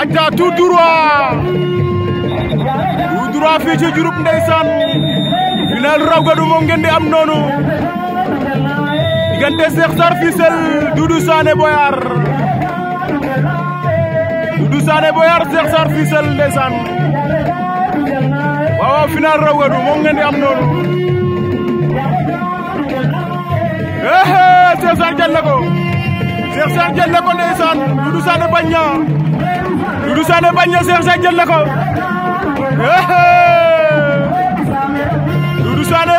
Adja tout droit tout droit fii ci Diouroup raw gadu moom am noonu diggante Cheikh Sarr Fissel Doudou Sané Boyar Doudou Sané Boyar Cheikh Sarr Fissel ndeysaan waaw final raw gadu moom am noonu eh, eh Cheikh Sarr jël na ko Cheikh Sarr jël na ko ndeysaan Doudou Sané bañ na Doudou Sané bañ na Cheikh Seck jël na ko Doudou Sané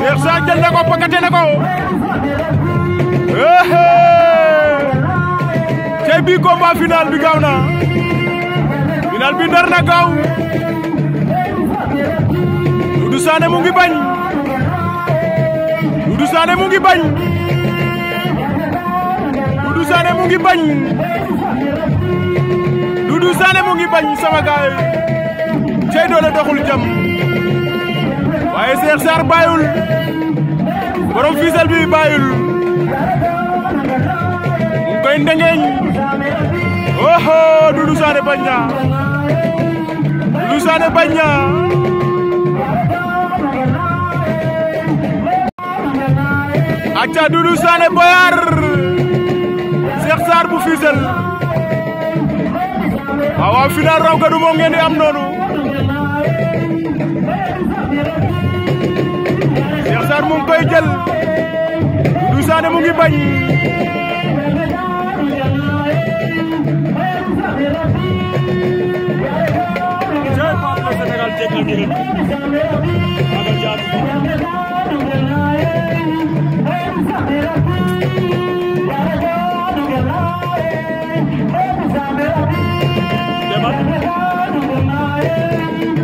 Cheikh Seck jël na ko combat final bi na final bi ndar na gaaw Doudou Sané mu ngi bañ Doudou Sané mu ngi bañ ngi Doudou Sané mu ngi bañ sama gaay cey la doxul jam waye Cheikh sar bayul borom fiisal bi bayul, mu koy ndengeeñ oho Doudou Sané bañ na Doudou Sané bañña Acha acca Doudou boyar Cheikh Sar bu fiisal waaw final raw gadu moom ngeen di am noonu Cheikh Sarr mu koy jël Doudou Sané mu ngi bañ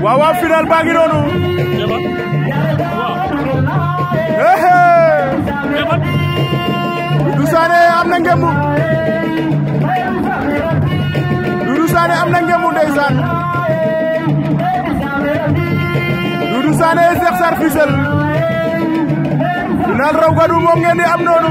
waaw waaw final baa noonu Doudou Sané am na ngemu Doudou am na ngemu ndeysaan Doudou Sané Cheikh Sarr Fissel raw gadu moom ngeen am noonu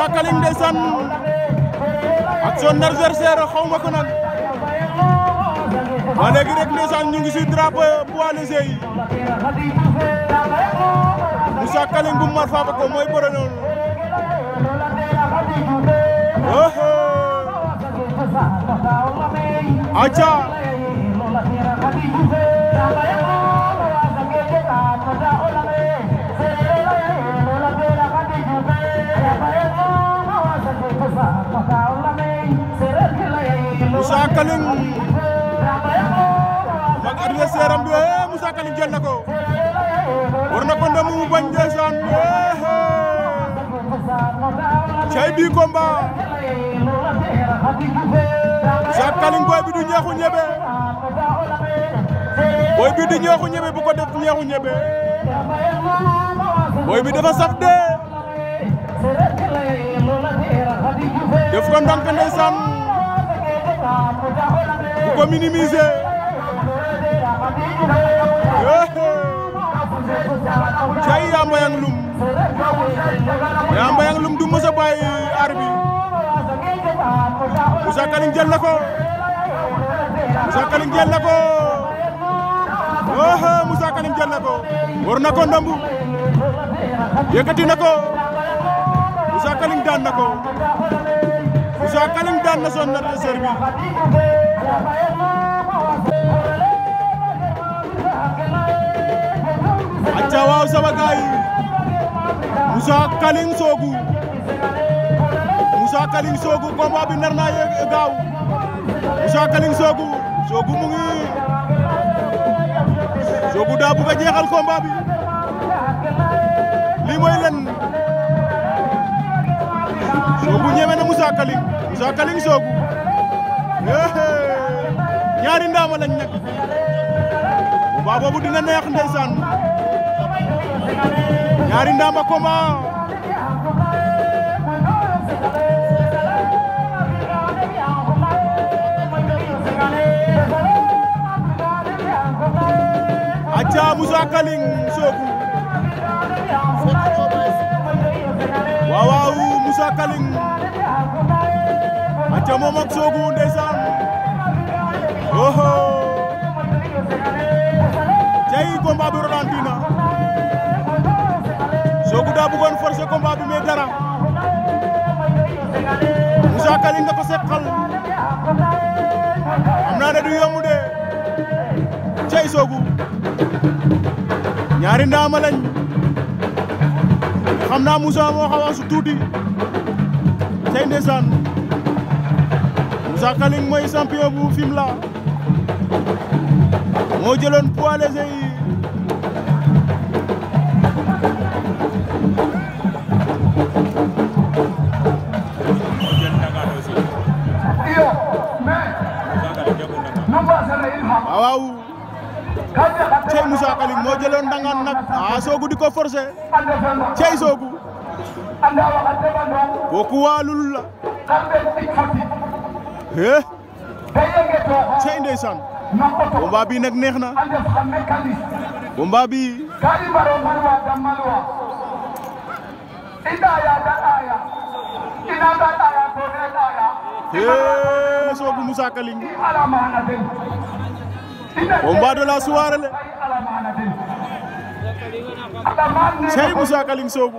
Issa Kaling ndeysaan ak son adversaire xaw ma ko nag ba léegi rek ndeysaan ñu ngi si drapeau poids léger yi Issa Kaling bu Mar ko mooy bëre noonu oho Kaling ak adversaire am bi eh Moussa Kaling jël na ko war na ko ndam mu bañ ndeysaan eh, eh. cay bi combat Moussa Kaling booy bi du ñeexu ñebe ñebe bu ko bi dafa de def ko ndànk bu ko minimiser cay yaa lum yaa lum du mës a bàyyi aar bi Moussa Kaling jël na ko Moussa Kaling jël na ko oh Kaling jël na ko war na ko ndombu yëkkati na ko Moussa Kaling daan na ko. Jakalim daan na son serbi. bi acca waaw sama gaay Moussa Kaling Sogou Moussa Kaling Sogou combat bi nar naa yëg gaaw Moussa Kaling Sogou Sogou mu ngi Sogou daa bëgg a jeexal combat bi lii mooy len Sokhu ñeme na Moussa Kaling Moussa Kaling Sokhu ñaari ndaama lañ nekk bu dina neex ndeysaan ñaari ndaama combat acca Moussa Kaling Sokhu Moussa Kaling aca moom ak Soogu ndeysaan oho tey combat bi ralenti Soogu daa bëggoon forcer combat bi mais dara Kaling nga ko seqal am naa ne de cey Soogu ñaari ndaama lañ xam naa Moussa moo xaw a su tey ndeysaan Moussa Kaling mooy champion Mau jalan moo jëloon poids léger yi ah, waaw cey Moussa Kaling moo jëloon ndangaan nag a ah, soogu di ko forcer cey soogu kooku waalul la eh cey ndeysaan combat bi nag sobu Musa Kaling. Combat de la soirée. Sey Musa Kaling sobu.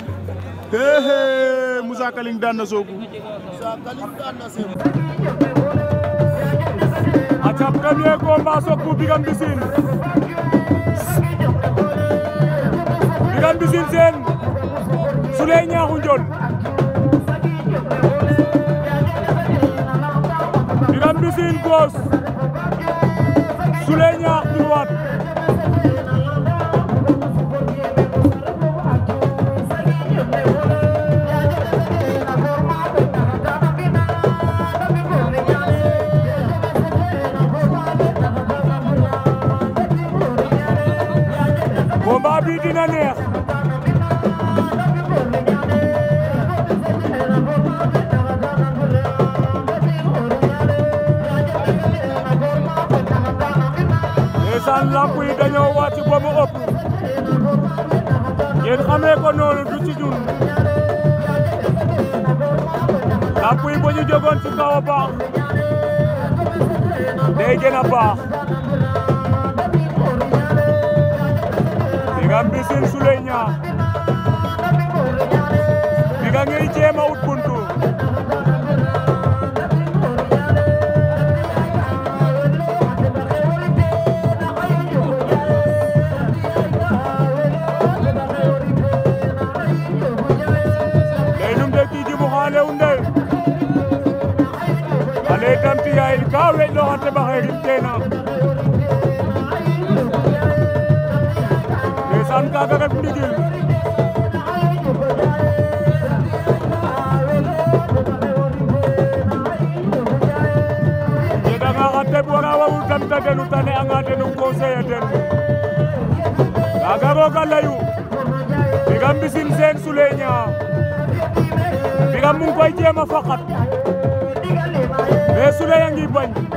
hee Moussa Kaling daan na Sokh. aca premier combat Sokh Birame Mbissine. Birame Mbissine seen Souley Niakhou Ndione. Birame Mbissine gauche Souley Niakhou droite. la neex ndeysaan lamp yi dañoo wàcc ba mu ëpp ko noonu du ci ñun lamp bu ñu jógoon ci kaw a baax day gën Nga Mbissine Souleye Niang mi nga ngay jéem daa fegal ndigil yedanga xa teɓ wara wawu damta den u tane anga den um conseiller den kaaga rooga layu mbigam mbisin seen sule ñaa mbigam mum koy jéem a faqat mais sule bañ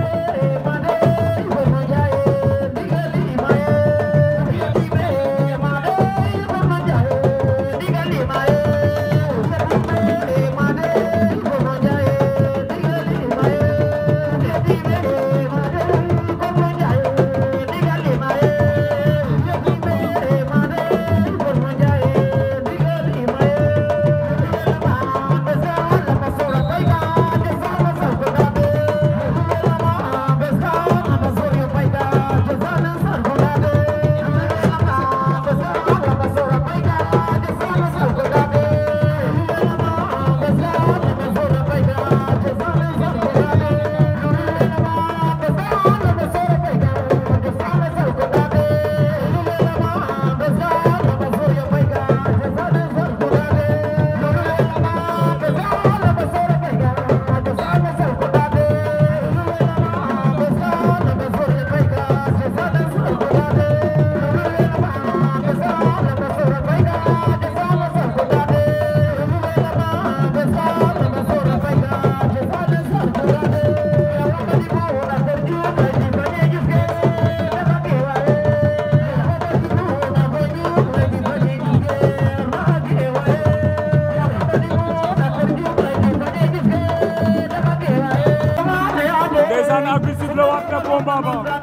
bomba bomba.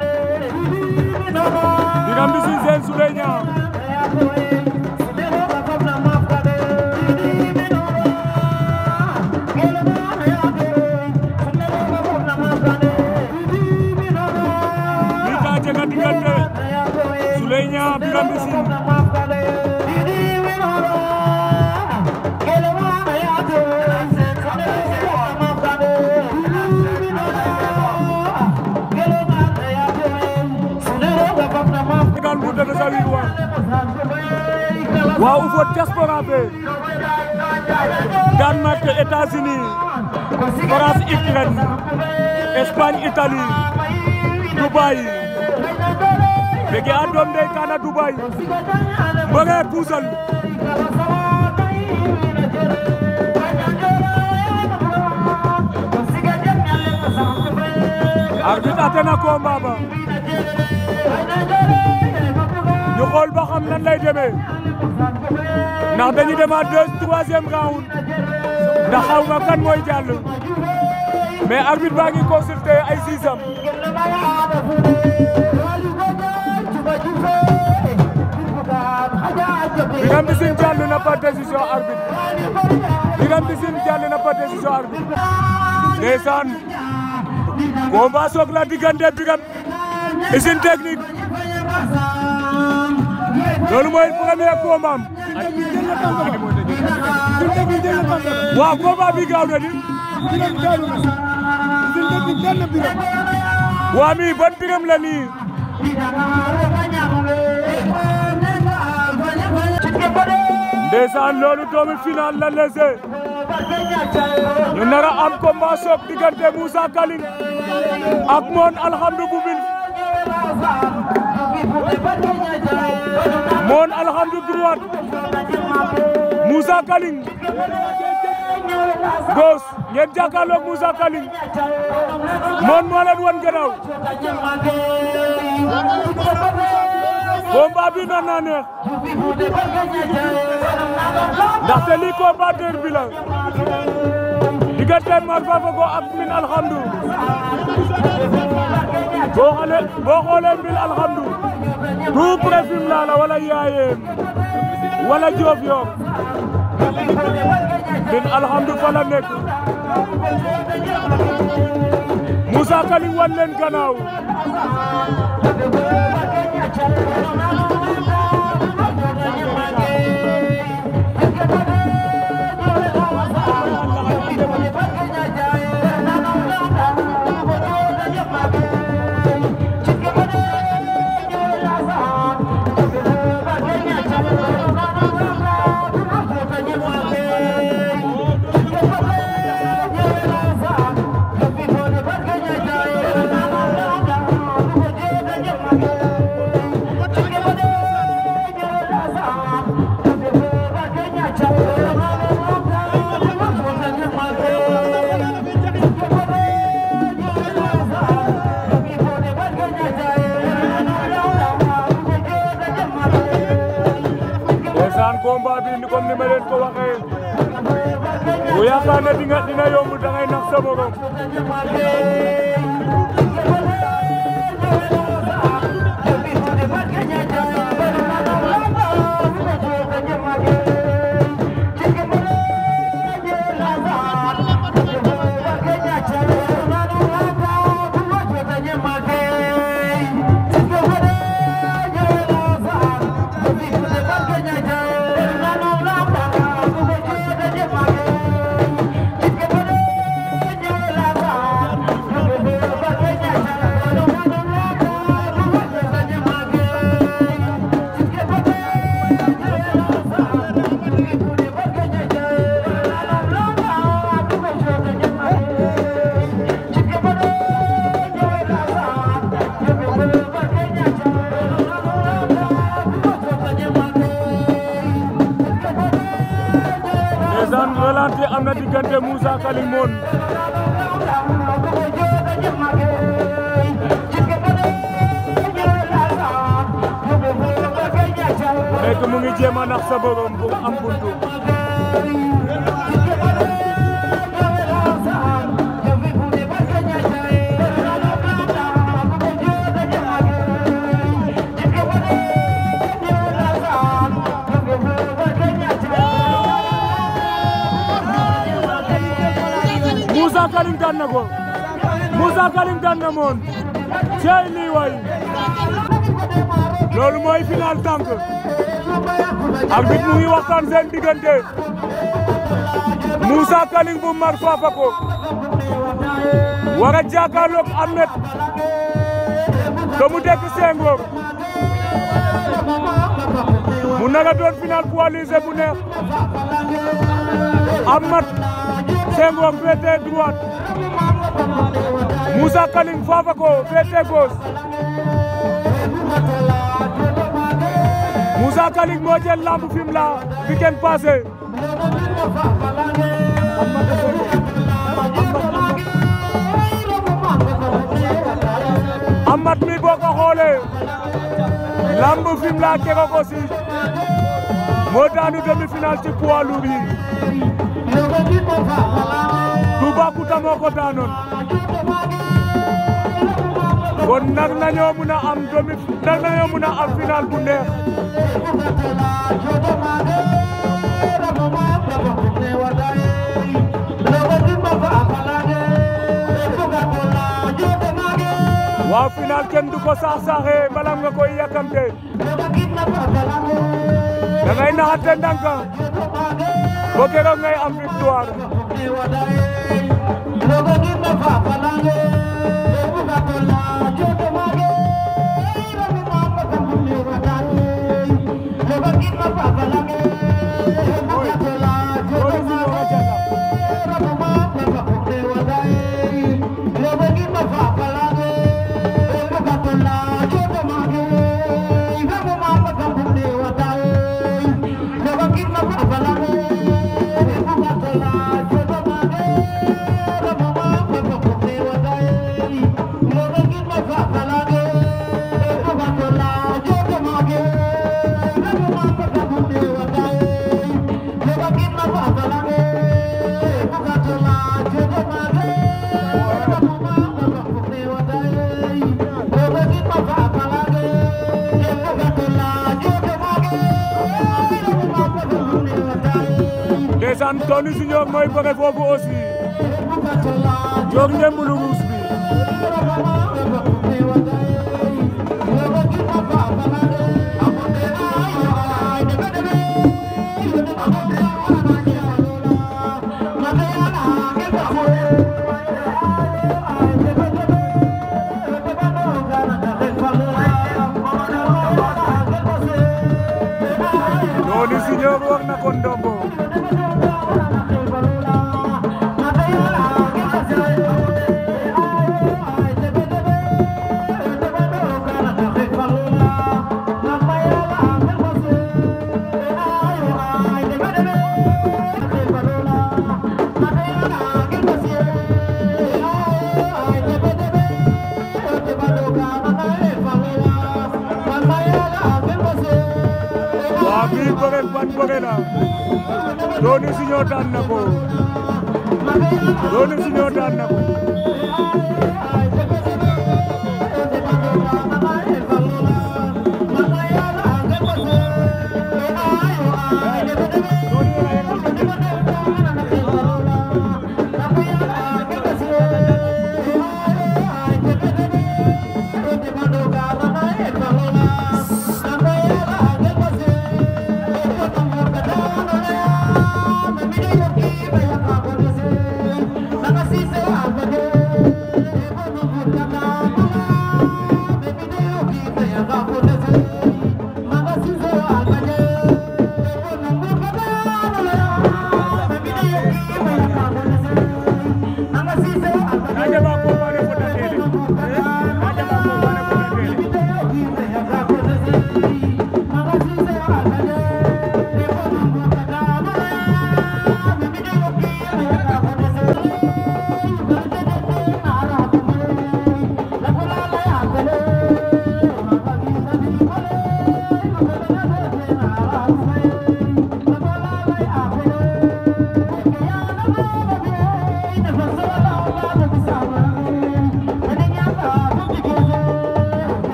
Digambisi Zen waaw u faut diaspora be Danemark États-Unis France Ukraine Espagne Italie Dubaï bege a doom dey kana Dubaï mbëge puusal arbitre atena combat ba ñu xool ba xam nan lay demee ndax dañu demaat deux troisième round ndax xaw ma kan mooy jàll mais arbitre baa ngi consulté ay siisam Birame Mbissine jàll na par décision arbitre Birame Mbissine jàll na par décision arbitre ndeysaan combat soog la diggante Birame Mbissine technique loolu mooy premier combat am. waaw combat bi gaaw na di. waa mi ban biram la nii. ndeysaan loolu doomu final la lese ñu nar am combat soog diggante Kaling ak moon alhamdu bu bin moon Alhamdou droite Moussa Kaling gauche ngeen jàkkaarloog Moussa Kaling moon moo leen wan gannaaw combat bi nan na neex ndaxte lii combat derby la diggante Mar Fafaco ak Mbine Alhamdou boo xoolee boo xoolee Mbine tout près Fimela la wala Yayeen wala Diofior min alhamdu fa nekk Moussa Kaling wan leen gannaaw Moussa Kalimoun fekk mu ngi jéem a nax sa borom bu am buntu Karim daan na na moon cey lii loolu mooy final tànk arbitre mu ngi waxtaan seen diggante Moussa Kalim bu Mar Fafako war a jàkkaarloog Ahmed te mu dekk Senghor mu nar a doon final poids bu neex Ahmed Senghor féete droite Moussa Kaling Fafako féete gauche Moussa Kaling moo jël lambu fim la weekend passé Amat mi boo ko xoolee lambu fim la kego ko moo daanu demi-finale ci poids Toubacouta moo ko daanoon kon nag nañoo kenn du ko saax-saaxee bala nga koy yàkkamte da ngay naxante ndànk ba keroog ngay am victoire logo gi ma fa a lange ndeysaan Tony Junior mooy bëre foofu aussi jóg ndembulu ruus bi Dony Junior daan na ko Dony Junior daan na ko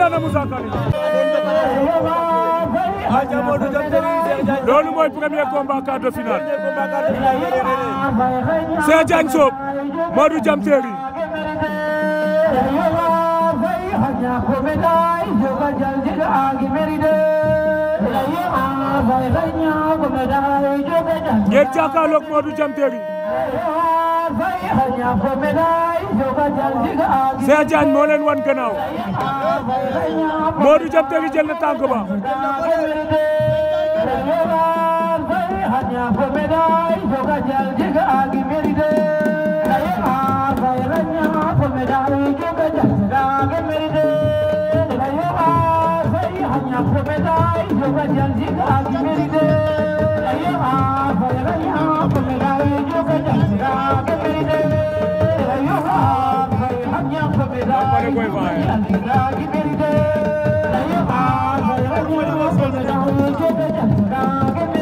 daan na Moussa Kane loolu mooy premier combat quart de finale Cheikh Diagne Sob Modou Jam Terry ngeen jàkkaarloog Modou Jam Terry Cheikh a moo leen wan gannaaw Modou Diop Terry jël na tànk ba Thank you. propriétaire de Badian Ziga qui mérite. Ayama, Bayaraya, propriétaire de Badian Ziga qui mérite. Ayama, Bayaraya, propriétaire de Badian Ziga qui mérite. Ayama, Bayaraya, propriétaire de Badian Ziga qui mérite.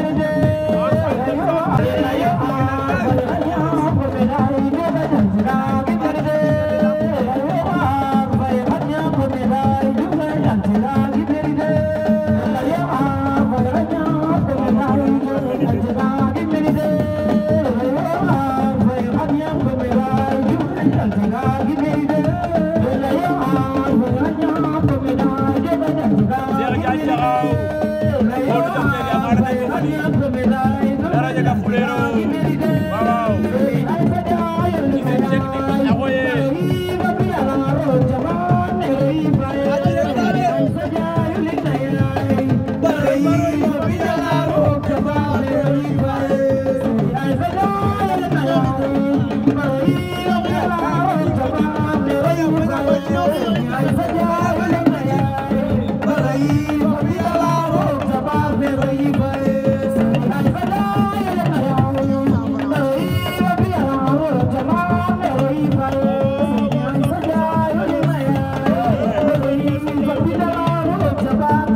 Bye.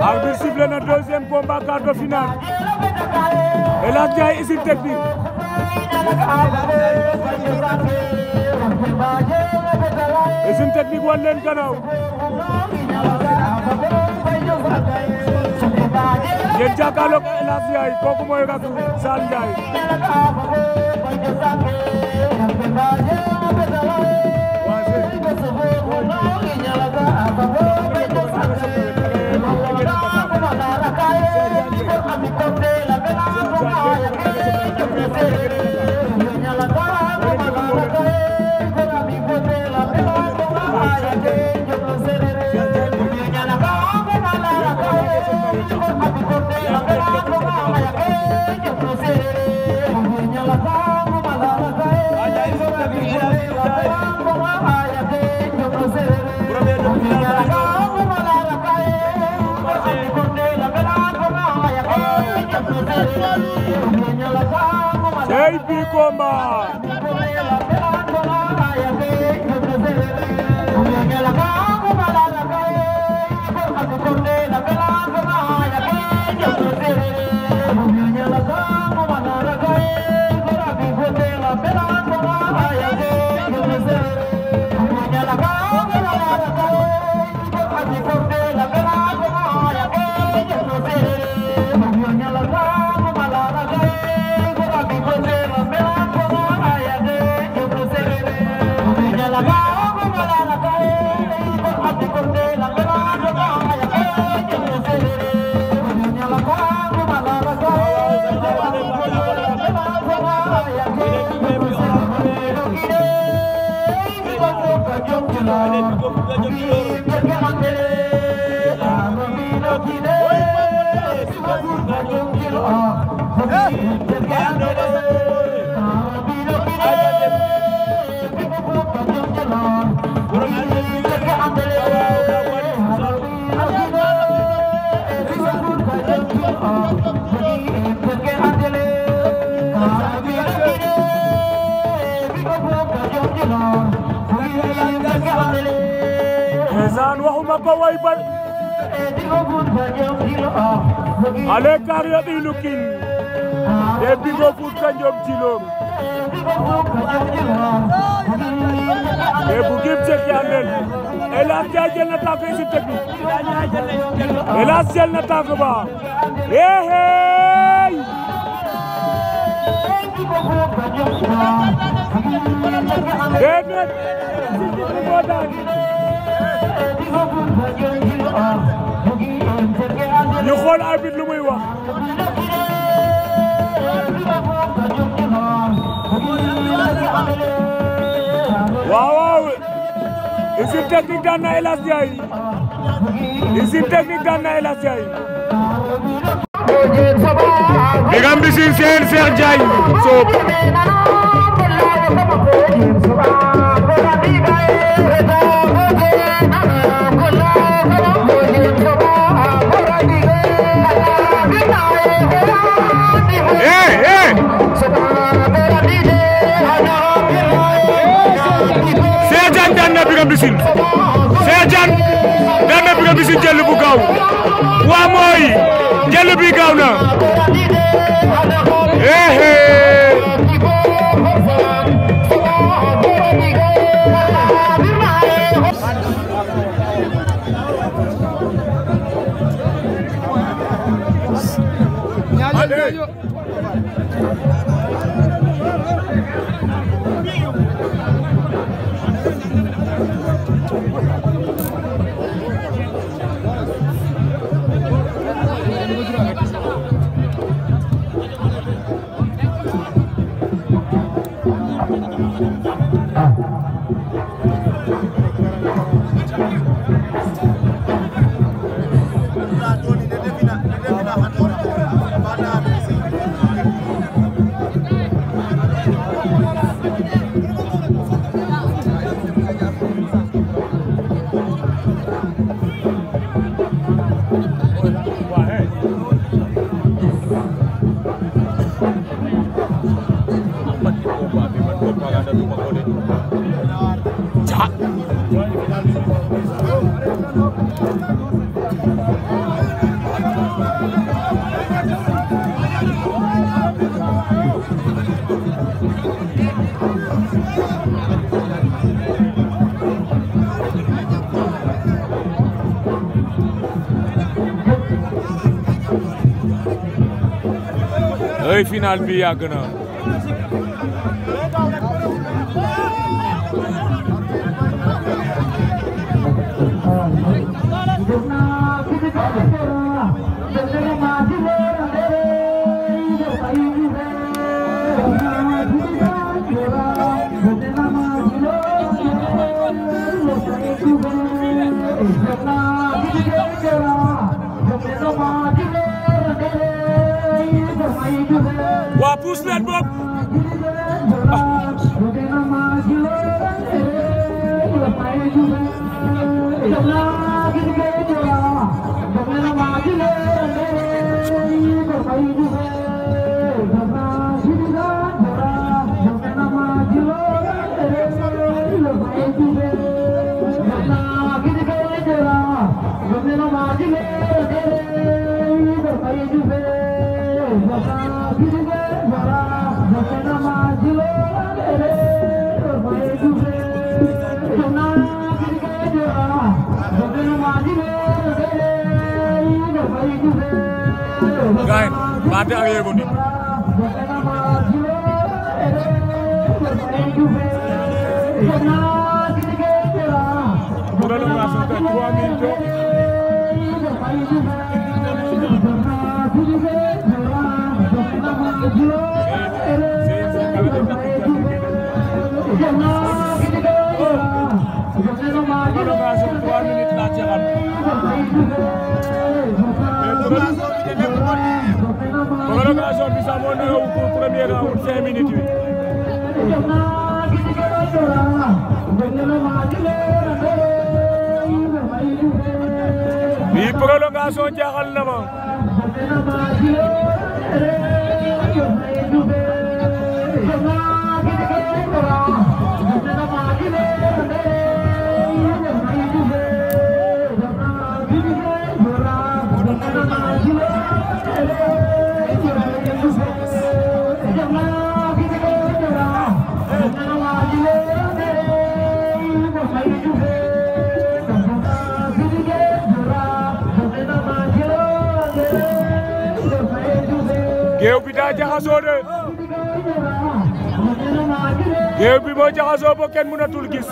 arbitre sifflé na deuxième combat quart de finale El Hadj Ndiaye Usine Technique Usine Technique wan leen gannaaw ngeen jàkkaarloog El Hadj Ndiaye kooku mooy rakk Sall Ndiaye Baby Combat! way ba ale karyo ɗi lukin e bigo fut ka jom tilom e bugim ceki amen elas ja jel na tafe si tegi elas jel na tafe ba ehey Demet, ñu xool arbitre lu muy wax waaw waaw usine technique daan na Elas Ndiaye usine technique daan na Birame Mbissine Cheikh Diagne daan na Birame jël bu gaaw waa mooy jël bi gaaw na. Thank you. final bi yàgg na gaay baate a yeego ndik jeexal prolongation bi sax moo nuyoo pour premier round cinq minutes bi bii prolongation jeexal na ma géew bi daa jaxasoo de géew bi moo jaxasoo ba kenn mu gis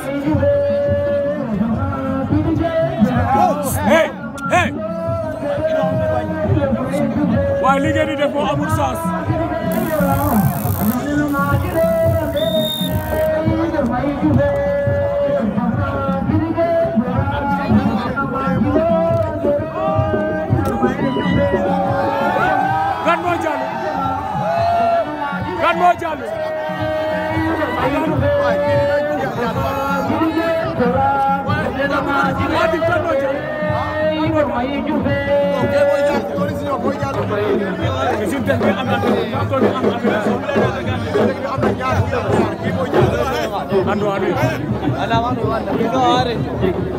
hey hey waaye li ngeen di def moo amul sens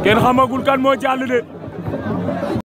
kenn xamagul kan moo jàll de